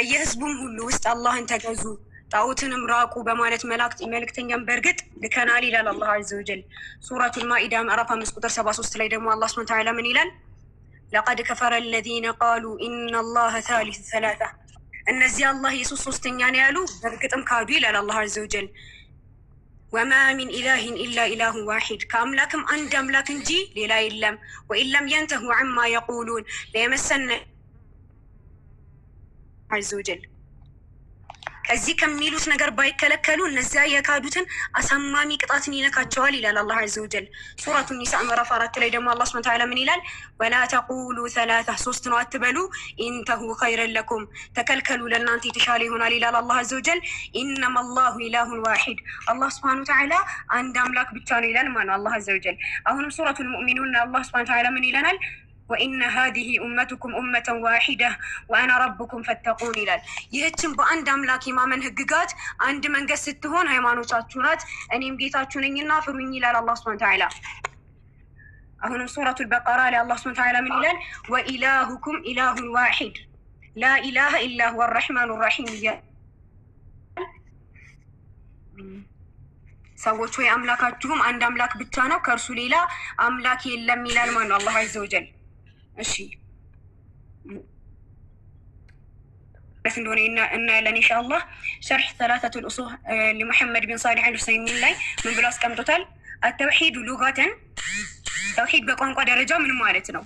በየህዝቡም ሁሉ ውስጥ አላህን ተገዙ ጣዖትንም ራቁ በማለት መልእክተኛም በእርግጥ ልከናል ይላል አላህ አዘ ወጀል። ሱረቱል ማኢዳ ምዕራፍ አምስት ቁጥር ሰባ ሶስት ላይ ደግሞ አላህ ስብን ተዓላ ምን ይላል? ለቀድ ከፈረ ለዚነ ቃሉ ኢነላህ ታሊስ ሰላሳ እነዚህ አላህ የሶስት ሶስተኛ ነው ያሉ በእርግጥም ካዱ ይላል አላህ አዘ ወጀል። ወማ ሚን ኢላህን ኢላ ኢላሁ ዋሂድ ከአምላክም አንድ አምላክ እንጂ ሌላ የለም። ወኢን ለም የንተሁ ዐማ የቁሉን ለየመሰነ አዘወጀል ከዚህ ከሚሉት ነገር ባይከለከሉ እነዚያ የካዱትን አሳማሚ ቅጣትን ይነካቸዋል ይላል አላህ አዘወጀል። ሱረቱ ኒሳ ምዕራፍ አራት ላይ ደግሞ አላህ ስብሐ ወተዓላ ምን ይላል? ወላ ተቁሉ ሰላሳ ሶስት ነው አትበሉ። ኢንተሁ ኸይረን ለኩም ተከልከሉ፣ ለእናንተ የተሻለ ይሆናል ይላል አላህ አዘወጀል። ኢነማ አላሁ ኢላሁን ዋሂድ አላህ ስብሐ ወተዓላ አንድ አምላክ ብቻ ነው ይላል። ማነው አላህ አዘወጀል። አሁንም ሱረቱል ሙእሚኑን አላህ ስብሐ ወተዓላ ምን ይለናል? وإن هذه أمتكم أمة واحدة وأنا ربكم فاتقون إلى يهتم بأند أملاك ما من هققات أند من قسد تهون هاي ما نوشات أني مقيتا تشونين النافر من إلى الله سبحانه وتعالى أهنا سورة البقرة لأ الله سبحانه وتعالى من إلى وإلهكم إله واحد لا إله إلا هو الرحمن الرحيم ሰዎች ወይ አምላካችሁም አንድ አምላክ ብቻ كرسولي لا أملاكي አምላክ የለም ይላል الله عز وجل እሺ ማለት እንደሆነ እናያለን ኢንሻአላህ። ሸርሕ ሰላተቱ ልኡሱህ ሊሙሐመድ ቢን ሳሊሕ አልሁሰይሚን ላይ ምን ብሎ አስቀምጦታል? አተውሒዱ ሉጋተን ተውሒድ በቋንቋ ደረጃ ምን ማለት ነው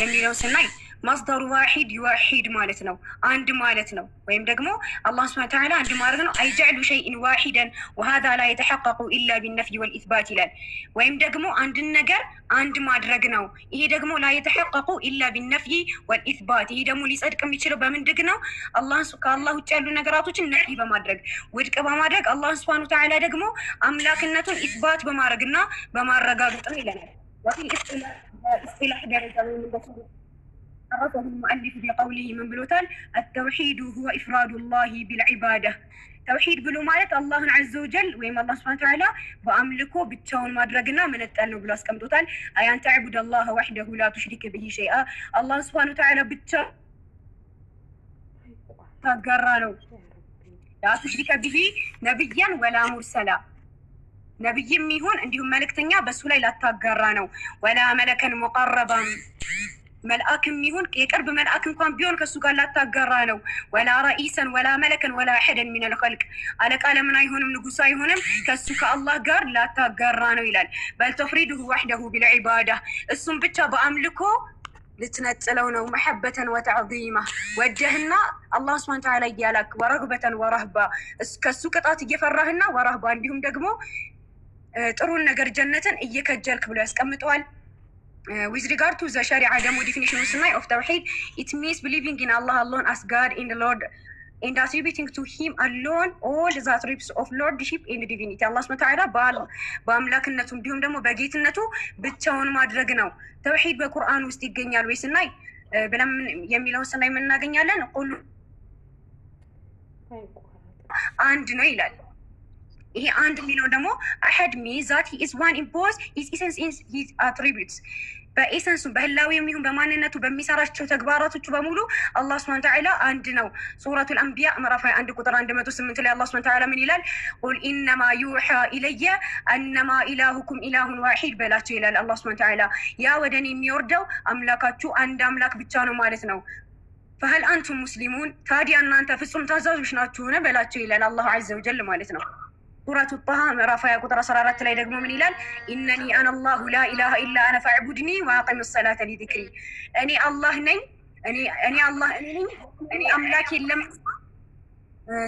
የሚለው ስናይ ማስዳሩ ዋሒድ ዩዋሒድ ማለት ነው፣ አንድ ማለት ነው። ወይም ደግሞ አላህ ስብሐነ ወተዓላ አንድ ማለት ነው። አይጀዕሉ ሸይእን ዋሒደን ወሃዛ ላ የተሐቀቁ ኢላ ቢነፍይ ወልኢትባት ይላል። ወይም ደግሞ አንድን ነገር አንድ ማድረግ ነው። ይሄ ደግሞ ላ የተሐቀቁ ኢላ ቢነፍይ ወልኢትባት፣ ይሄ ደግሞ ሊጸድቅ የሚችለው በምንድግ ነው? አላህ ከአላህ ውጭ ያሉ ነገራቶችን ነፍይ በማድረግ ውድቅ በማድረግ አላህ ስብሐነ ወተዓላ ደግሞ አምላክነቱን ኢትባት በማድረግና በማረጋገጥ ነው ይለናል። عرفه المؤلف بقوله من بلوتان التوحيد هو إفراد الله بالعبادة توحيد بلو مالت الله عز وجل ويم الله سبحانه وتعالى بأملكه بالتون ما درقنا من التأنو بلو اسكم دوتان أيان تعبد الله وحده لا تشرك به شيئا الله سبحانه وتعالى بالتون تقرروا لا تشرك به نبيا ولا مرسلا نبي يميهون عندهم ملك تنيا بس ولا لا تقرانو ولا ملكا مقربا መልአክም ይሁን የቅርብ መልአክ እንኳን ቢሆን ከእሱ ጋር ላታጋራ ነው። ወላ ረኢሰን ወላ መለከን ወላ አሐደን ሚን አልኸልቅ አለቃ ለምን አይሆንም? ንጉስ አይሆንም? ከእሱ ከአላህ ጋር ላታጋራ ነው ይላል። በል ተፍሪድሁ ወሕደሁ ቢልዒባዳ እሱም ብቻ በአምልኮ ልትነጥለው ነው። መሐበተን ወተዕዚማ ወደህና አላህ ስብሃነ ተዓላ እያላክ ወረግበተን ወረህባ ከእሱ ቅጣት እየፈራህና ወረህባ እንዲሁም ደግሞ ጥሩን ነገር ጀነትን እየከጀልክ ብሎ ያስቀምጠዋል። with regard to the Sharia ደግሞ definition ስናይ of ተውሒድ it means believing in Allah alone as God in the Lord and attributing to him alone all the attributes of lordship and divinity አላህ ስብሐ ወተዓላ በአምላክነቱ እንዲሁም ደግሞ በጌትነቱ ብቻውን ማድረግ ነው። ተውሒድ በቁርአን ውስጥ ይገኛል ወይ ስናይ ብለን የሚለውን ስናይ የምናገኛለን ቁሉ አንድ ነው ይላል። ይሄ አንድ የሚለው ደግሞ አሐድ ሚዛት ኢዝ ዋን ኢምፖዝ ኢዝ ኢሰንስ ኢዝ አትሪቢዩትስ በኤሰንሱ በህላዊ የሚሁን በማንነቱ በሚሰራቸው ተግባራቶቹ በሙሉ አላህ ስብሐነ ተዓላ አንድ ነው። ሱረቱል አንቢያ ምዕራፍ 21 ቁጥር 108 ላይ አላህ ስብሐነ ተዓላ ምን ይላል? ቁል ኢነማ ዩሐ ኢለየ አነማ ኢላሁኩም ኢላሁን ዋሂድ በላቸው ይላል አላህ ስብሐነ ተዓላ። ያ ወደኔ የሚወርደው አምላካችሁ አንድ አምላክ ብቻ ነው ማለት ነው። ፈህል አንቱም ሙስሊሙን ታዲያ እናንተ ፍጹም ታዛዦች ናችሁን? በላቸው ይላል አላህ ዐዘ ወጀል ማለት ነው። ሱረቱ ጣሃ ምዕራፍ 20 ቁጥር 14 ላይ ደግሞ ምን ይላል? ኢነኒ አነ አላሁ ላ ኢላ አነ ፈዕቡድኒ ወአቂም ሰላተ ሊዚክሪ። እኔ አላህ ነኝ፣ እኔ አላህ እኔ እኔ አምላክ የለም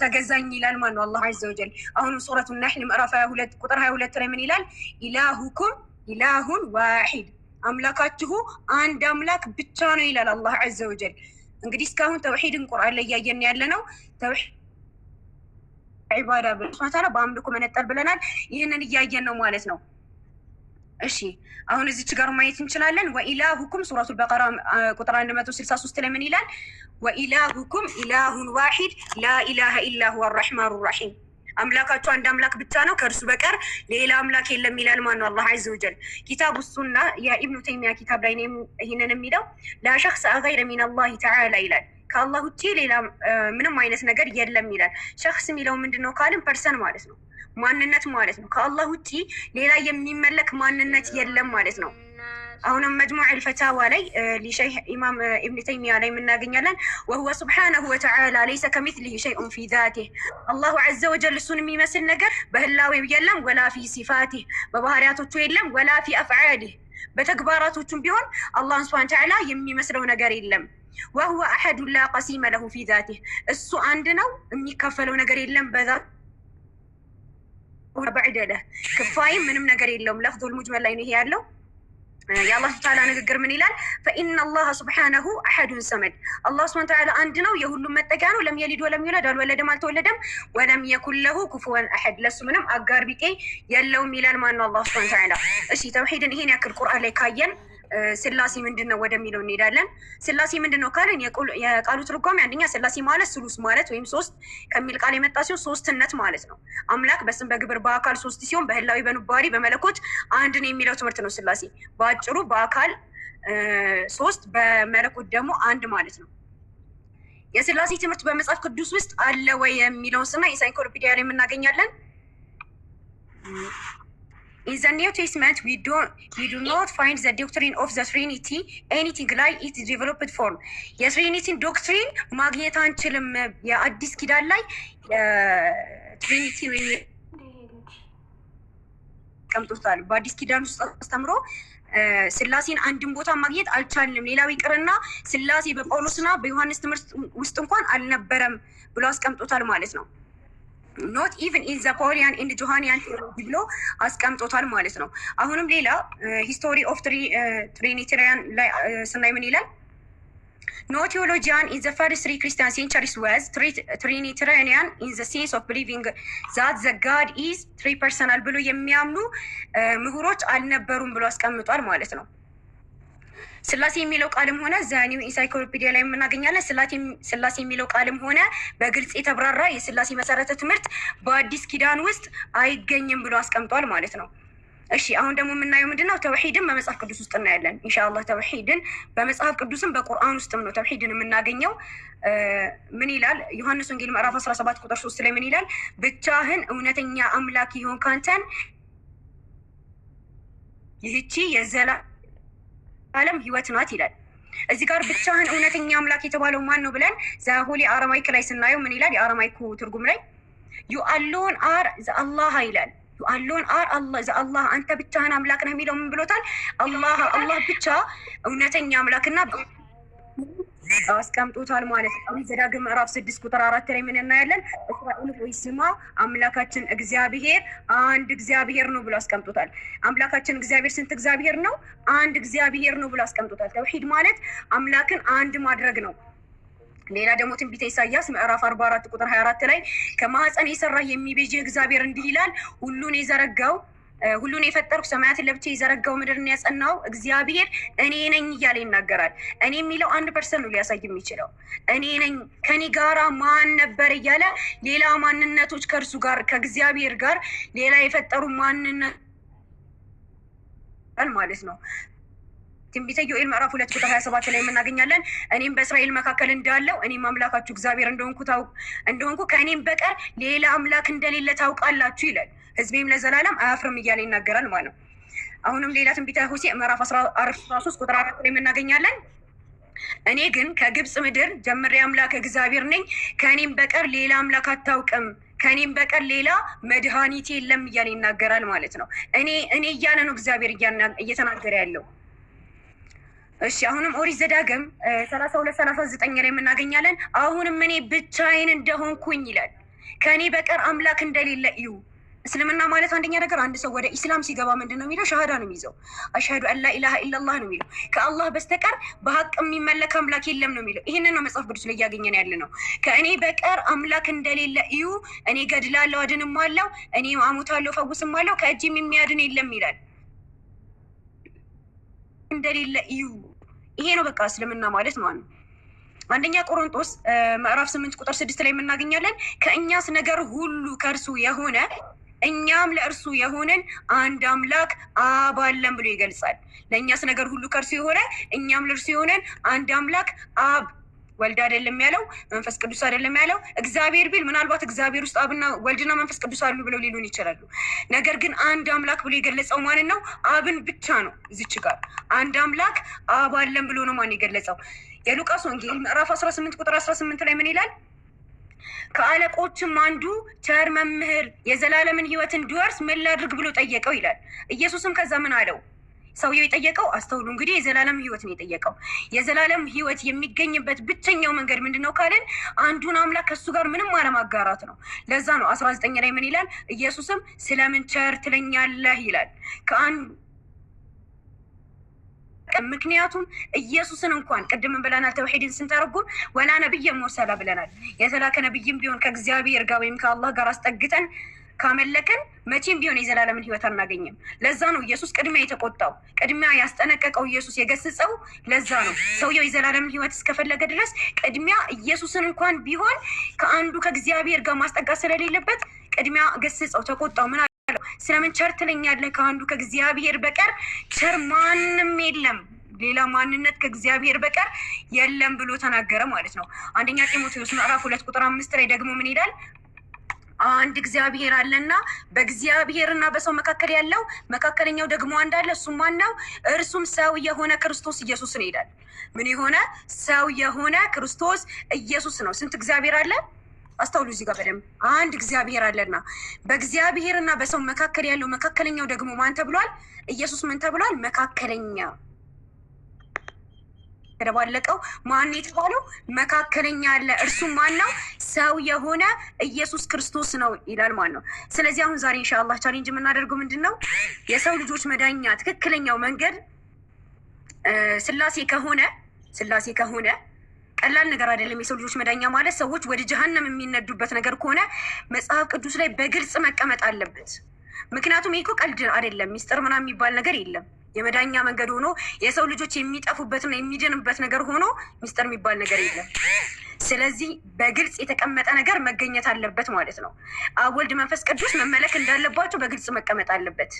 ተገዛኝ ይላል። ማነው አላህ አዘ ወጀል። አሁንም ሱረቱ ነሕል ምዕራፍ 22 ቁጥር 22 ላይ ምን ይላል? ኢላሁኩም ኢላሁን ዋሒድ አምላካችሁ አንድ አምላክ ብቻ ነው ይላል አላህ አዘ ወጀል። እንግዲህ እስካሁን ተውሒድን ቁርአን ላይ እያየን ያለ ነው። ዒባዳ ብልስፋ ታላ በአምልኮ መነጠል ብለናል። ይህንን እያየን ነው ማለት ነው። እሺ አሁን እዚች ጋር ማየት እንችላለን። ወኢላሁኩም ሱረቱ በቀራ ቁጥር አንድ መቶ ስልሳ ሶስት ላይ ምን ይላል? ወኢላሁኩም ኢላሁን ዋሒድ ላኢላሃ ኢላ ሁወ አራሕማኑ ራሒም አምላካቸው አንድ አምላክ ብቻ ነው፣ ከእርሱ በቀር ሌላ አምላክ የለም ይላል። ማን ነው? አላህ አዘ ወጀል ኪታብ እሱና የኢብኑ ተይሚያ ኪታብ ላይ ይህንን የሚለው ላሸክስ አገይረ ሚን ተዓላ ይላል። ከአላህ ውጭ ሌላ ምንም አይነት ነገር የለም ይላል። ሸክስ የሚለው ምንድን ነው ካልን ፐርሰን ማለት ነው፣ ማንነት ማለት ነው። ከአላህ ውጭ ሌላ የሚመለክ ማንነት የለም ማለት ነው። አሁንም መጅሙዕ አልፈታዋ ላይ ሊሸይህ ኢማም ኢብን ተይሚያ ላይ የምናገኛለን ወሁወ ስብሓነሁ ወተዓላ ለይሰ ከሚትሊህ ሸይኡን ፊ ዛቲህ አላሁ ዐዘ ወጀል እሱን የሚመስል ነገር በህላዌው የለም ወላ ፊ ሲፋቲህ በባህሪያቶቹ የለም ወላ ፊ አፍዓሊህ በተግባራቶቹም ቢሆን አላህን ስብሓን ተዓላ የሚመስለው ነገር የለም ወሁወ አሐዱ ላ ቀሲመ ለሁ ፊ ዛቲህ እሱ አንድ ነው የሚካፈለው ነገር የለም በዛ بعد له كفاية من منم نقري لهم لفظ المجمل لين هي له የአላህ ተዓላ ንግግር ምን ይላል? ፈኢነ አላህ ስብሓነሁ አሐዱን ሰመድ አላህ ስብን ተዓላ አንድ ነው፣ የሁሉም መጠጊያ ነው። ለም የሊድ ወለም ይውለድ አልወለደም አልተወለደም። ወለም የኩን ለሁ ኩፉወን አሐድ ለሱ ምንም አጋር ቢጤ የለውም ይላል። ማነው አላህ ስብን ተዓላ። እሺ ተውሒድን ይሄን ያክል ቁርአን ላይ ካየን ስላሴ ምንድን ነው ወደሚለው እንሄዳለን። ስላሴ ምንድን ነው ካልን የቃሉ ትርጓሜ አንደኛ ስላሴ ማለት ስሉስ ማለት ወይም ሶስት ከሚል ቃል የመጣ ሲሆን ሶስትነት ማለት ነው። አምላክ በስም በግብር በአካል ሶስት ሲሆን በህላዊ በኑባሪ በመለኮት አንድ ነው የሚለው ትምህርት ነው። ስላሴ በአጭሩ በአካል ሶስት በመለኮት ደግሞ አንድ ማለት ነው። የስላሴ ትምህርት በመጽሐፍ ቅዱስ ውስጥ አለ ወይ የሚለውን ስና የሳይንኮሎፒዲያ ላይ የምናገኛለን። In the New Testament, we, do, we do not find the doctrine of the Trinity anything like its developed form። የትሪኒቲን ዶክትሪን ማግኘት አንችልም። የአዲስ ኪዳን ላይ ትሪኒቲ ቀምጦታል። በአዲስ ኪዳን ውስጥ አስተምሮ ስላሴን አንድን ቦታ ማግኘት አልቻልንም። ሌላው ይቅርና ስላሴ በጳውሎስና በዮሐንስ ትምህርት ውስጥ እንኳን አልነበረም ብሎ አስቀምጦታል ማለት ነው። ኖት ኢቨን ኢን ዘ ኮሪያን ኢንድ ጆሃንያን ቴዎሎጂ ብሎ አስቀምጦታል ማለት ነው። አሁንም ሌላ ሂስቶሪ ኦፍ ትሪኒቴሪያን ላይ uh, ስናይ ምን ይላል? ኖ ቴዎሎጂያን ኢን ዘ ፈርስት ትሪ ክርስቲያን ሴንቸሪስ ወዝ ትሪኒቴሪያን ኢን ዘ ሴንስ ኦፍ ብሊቪንግ ዛት ዘ ጋድ ኢዝ ትሪ ፐርሰናል ብሎ የሚያምኑ uh, ምሁሮች አልነበሩም ብሎ አስቀምጧል ማለት ነው። ስላሴ የሚለው ቃልም ሆነ ዘኒው ኢንሳይክሎፒዲያ ላይ የምናገኛለን። ስላሴ የሚለው ቃልም ሆነ በግልጽ የተብራራ የስላሴ መሰረተ ትምህርት በአዲስ ኪዳን ውስጥ አይገኝም ብሎ አስቀምጧል ማለት ነው። እሺ አሁን ደግሞ የምናየው ምንድነው ተውሒድን በመጽሐፍ ቅዱስ ውስጥ እናያለን። ኢንሻአላህ ተውሒድን በመጽሐፍ ቅዱስም በቁርአን ውስጥም ነው ተውሒድን የምናገኘው። ምን ይላል? ዮሐንስ ወንጌል ምዕራፍ 17 ቁጥር 3 ላይ ምን ይላል? ብቻህን እውነተኛ አምላክ ይሆን ካንተን ይህቺ የዘላ ዓለም ህይወት ናት ይላል። እዚህ ጋር ብቻህን እውነተኛ አምላክ የተባለው ማን ነው ብለን ዘሆሊ አረማይክ ላይ ስናየው ምን ይላል? የአረማይኩ ትርጉም ላይ ዩአሎን አር ዘአላህ ይላል። ዩአሎን አር ዘአላህ አንተ ብቻህን አምላክ ነህ የሚለው ምን ብሎታል? አላህ ብቻ እውነተኛ አምላክና አስቀምጦታል ማለት ነው። ዘዳግም ምዕራፍ ስድስት ቁጥር አራት ላይ ምን እናያለን? እስራኤል ሆይ ስማ አምላካችን እግዚአብሔር አንድ እግዚአብሔር ነው ብሎ አስቀምጦታል። አምላካችን እግዚአብሔር ስንት እግዚአብሔር ነው? አንድ እግዚአብሔር ነው ብሎ አስቀምጦታል። ተውሂድ ማለት አምላክን አንድ ማድረግ ነው። ሌላ ደግሞ ትንቢተ ኢሳያስ ምዕራፍ አርባ አራት ቁጥር ሀያ አራት ላይ ከማህፀን የሰራህ የሚቤዥ እግዚአብሔር እንዲህ ይላል ሁሉን የዘረጋው ሁሉን የፈጠርኩ ሰማያትን ለብቻ የዘረጋው ምድርን ያጸናው እግዚአብሔር እኔ ነኝ እያለ ይናገራል። እኔ የሚለው አንድ ፐርሰን ነው ሊያሳይ የሚችለው እኔ ነኝ። ከኔ ጋራ ማን ነበር እያለ ሌላ ማንነቶች ከእርሱ ጋር ከእግዚአብሔር ጋር ሌላ የፈጠሩ ማንነት ማለት ነው። ትንቢተ ዮኤል ምዕራፍ ሁለት ቁጥር ሀያ ሰባት ላይ የምናገኛለን እኔም በእስራኤል መካከል እንዳለው እኔም አምላካችሁ እግዚአብሔር እንደሆንኩ እንደሆንኩ ከእኔም በቀር ሌላ አምላክ እንደሌለ ታውቃላችሁ ይላል። ህዝቤም ለዘላለም አያፍርም እያለ ይናገራል ማለት ነው። አሁንም ሌላ ትንቢተ ሆሴዕ ምዕራፍ አስራ ሶስት ቁጥር አራት ላይ የምናገኛለን እኔ ግን ከግብፅ ምድር ጀምሬ አምላክ እግዚአብሔር ነኝ፣ ከእኔም በቀር ሌላ አምላክ አታውቅም ከእኔም በቀር ሌላ መድኃኒት የለም እያለ ይናገራል ማለት ነው። እኔ እኔ እያለ ነው እግዚአብሔር እየተናገረ ያለው። እሺ አሁንም ኦሪት ዘዳግም ሰላሳ ሁለት ሰላሳ ዘጠኝ ላይ የምናገኛለን። አሁንም እኔ ብቻዬን እንደሆንኩኝ ይላል ከእኔ በቀር አምላክ እንደሌለ እዩ። እስልምና ማለት አንደኛ ነገር አንድ ሰው ወደ ኢስላም ሲገባ ምንድን ነው የሚለው? ሻሃዳ ነው የሚይዘው። አሽሀዱ አላ ኢላሃ ኢላላህ ነው የሚለው። ከአላህ በስተቀር በሀቅ የሚመለክ አምላክ የለም ነው የሚለው። ይህንን ነው መጽሐፍ ቅዱስ ላይ እያገኘን ያለ ነው። ከእኔ በቀር አምላክ እንደሌለ እዩ። እኔ ገድላለው፣ አድንም አለው። እኔ አሙታለው፣ ፈውስም አለው። ከእጅም የሚያድን የለም ይላል። እንደሌለ እዩ። ይሄ ነው በቃ እስልምና ማለት ማለት ነው። አንደኛ ቆሮንጦስ ምዕራፍ ስምንት ቁጥር ስድስት ላይ የምናገኛለን ከእኛስ ነገር ሁሉ ከእርሱ የሆነ እኛም ለእርሱ የሆንን አንድ አምላክ አብ አለን ብሎ ይገልጻል። ለእኛስ ነገር ሁሉ ከእርሱ የሆነ እኛም ለእርሱ የሆነን አንድ አምላክ አብ ወልድ አይደለም ያለው፣ መንፈስ ቅዱስ አይደለም ያለው። እግዚአብሔር ቢል ምናልባት እግዚአብሔር ውስጥ አብና ወልድና መንፈስ ቅዱስ አሉ ብለው ሊሉን ይችላሉ። ነገር ግን አንድ አምላክ ብሎ የገለጸው ማንን ነው? አብን ብቻ ነው። እዚች ጋር አንድ አምላክ አብ አለን ብሎ ነው ማን የገለጸው? የሉቃስ ወንጌል ምዕራፍ 18 ቁጥር 18 ላይ ምን ይላል? ከአለቆችም አንዱ ቸር መምህር፣ የዘላለምን ህይወት እንዲወርስ ምን ላድርግ ብሎ ጠየቀው ይላል። ኢየሱስም ከዛ ምን አለው? ሰውየው የጠየቀው አስተውሉ እንግዲህ የዘላለም ህይወት ነው የጠየቀው። የዘላለም ህይወት የሚገኝበት ብቸኛው መንገድ ምንድን ነው ካለን አንዱን አምላክ ከሱ ጋር ምንም አለማጋራት ነው። ለዛ ነው አስራ ዘጠኝ ላይ ምን ይላል? ኢየሱስም ስለምን ቸር ትለኛለህ ይላል ከአንድ ምክንያቱም ኢየሱስን እንኳን ቅድምን ብለናል፣ ተውሒድን ስንተረጉም ወላ ነብይ ሙርሰላ ብለናል። የተላከ ነብይም ቢሆን ከእግዚአብሔር ጋር ወይም ከአላህ ጋር አስጠግተን ካመለከን መቼም ቢሆን የዘላለምን ህይወት አናገኝም። ለዛ ነው ኢየሱስ ቅድሚያ የተቆጣው፣ ቅድሚያ ያስጠነቀቀው፣ ኢየሱስ የገሰጸው። ለዛ ነው ሰውየው የዘላለምን ህይወት እስከፈለገ ድረስ ቅድሚያ ኢየሱስን እንኳን ቢሆን ከአንዱ ከእግዚአብሔር ጋር ማስጠጋት ስለሌለበት ቅድሚያ ገስጸው፣ ተቆጣው። ምን አለው? ስለምን ቸር ትለኛለህ? ከአንዱ ከእግዚአብሔር በቀር ቸር ማንም የለም ሌላ ማንነት ከእግዚአብሔር በቀር የለም ብሎ ተናገረ ማለት ነው። አንደኛ ጢሞቴዎስ ምዕራፍ ሁለት ቁጥር አምስት ላይ ደግሞ ምን ይላል? አንድ እግዚአብሔር አለና በእግዚአብሔርና በሰው መካከል ያለው መካከለኛው ደግሞ አንድ አለ። እሱም ማነው? እርሱም ሰው የሆነ ክርስቶስ ኢየሱስ ነው። ይሄዳል። ምን የሆነ ሰው የሆነ ክርስቶስ ኢየሱስ ነው። ስንት እግዚአብሔር አለ? አስተውሉ እዚህ ጋር በደንብ አንድ እግዚአብሔር አለና በእግዚአብሔርና በሰው መካከል ያለው መካከለኛው ደግሞ ማን ተብሏል? ኢየሱስ ምን ተብሏል? መካከለኛ የተደባለቀው ማን የተባለው መካከለኛ ያለ እርሱ ማን ነው? ሰው የሆነ ኢየሱስ ክርስቶስ ነው ይላል ማለት ነው። ስለዚህ አሁን ዛሬ እንሻላ ቻሌንጅ የምናደርገው ምንድን ነው? የሰው ልጆች መዳኛ ትክክለኛው መንገድ ስላሴ ከሆነ ስላሴ ከሆነ ቀላል ነገር አይደለም። የሰው ልጆች መዳኛ ማለት ሰዎች ወደ ጀሀነም የሚነዱበት ነገር ከሆነ መጽሐፍ ቅዱስ ላይ በግልጽ መቀመጥ አለበት። ምክንያቱም ይህ እኮ ቀልድ አይደለም፣ ሚስጥር ምናምን የሚባል ነገር የለም። የመዳኛ መንገድ ሆኖ የሰው ልጆች የሚጠፉበትና የሚድንበት ነገር ሆኖ ሚስጥር የሚባል ነገር የለም። ስለዚህ በግልጽ የተቀመጠ ነገር መገኘት አለበት ማለት ነው። አብ፣ ወልድ፣ መንፈስ ቅዱስ መመለክ እንዳለባቸው በግልጽ መቀመጥ አለበት።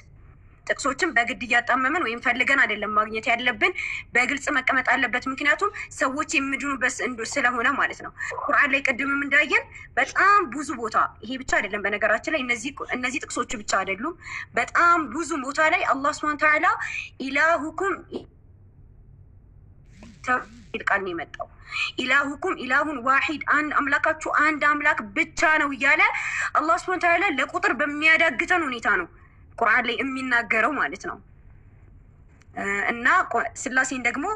ጥቅሶችን በግድ እያጣመምን ወይም ፈልገን አይደለም ማግኘት ያለብን፣ በግልጽ መቀመጥ አለበት። ምክንያቱም ሰዎች የሚድኑበት ስለሆነ ማለት ነው። ቁርአን ላይ ቅድምም እንዳየን በጣም ብዙ ቦታ ይሄ ብቻ አይደለም። በነገራችን ላይ እነዚህ ጥቅሶች ብቻ አይደሉም። በጣም ብዙ ቦታ ላይ አላህ ስብሐነ ተዓላ ኢላሁኩም ቃል ነው የመጣው ኢላሁኩም ኢላሁን ዋሂድ አንድ አምላካችሁ አንድ አምላክ ብቻ ነው እያለ አላህ ስብሐነ ተዓላ ለቁጥር በሚያዳግተን ሁኔታ ነው ቁርአን ላይ የሚናገረው ማለት ነው። እና ስላሴን ደግሞ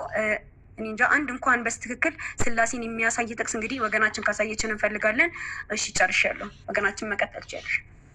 እንጃ አንድ እንኳን በስትክክል ስላሴን የሚያሳይ ጥቅስ እንግዲህ ወገናችን ካሳየችን እንፈልጋለን። እሺ ጨርሻለሁ። ወገናችን መቀጠል ጨርሽ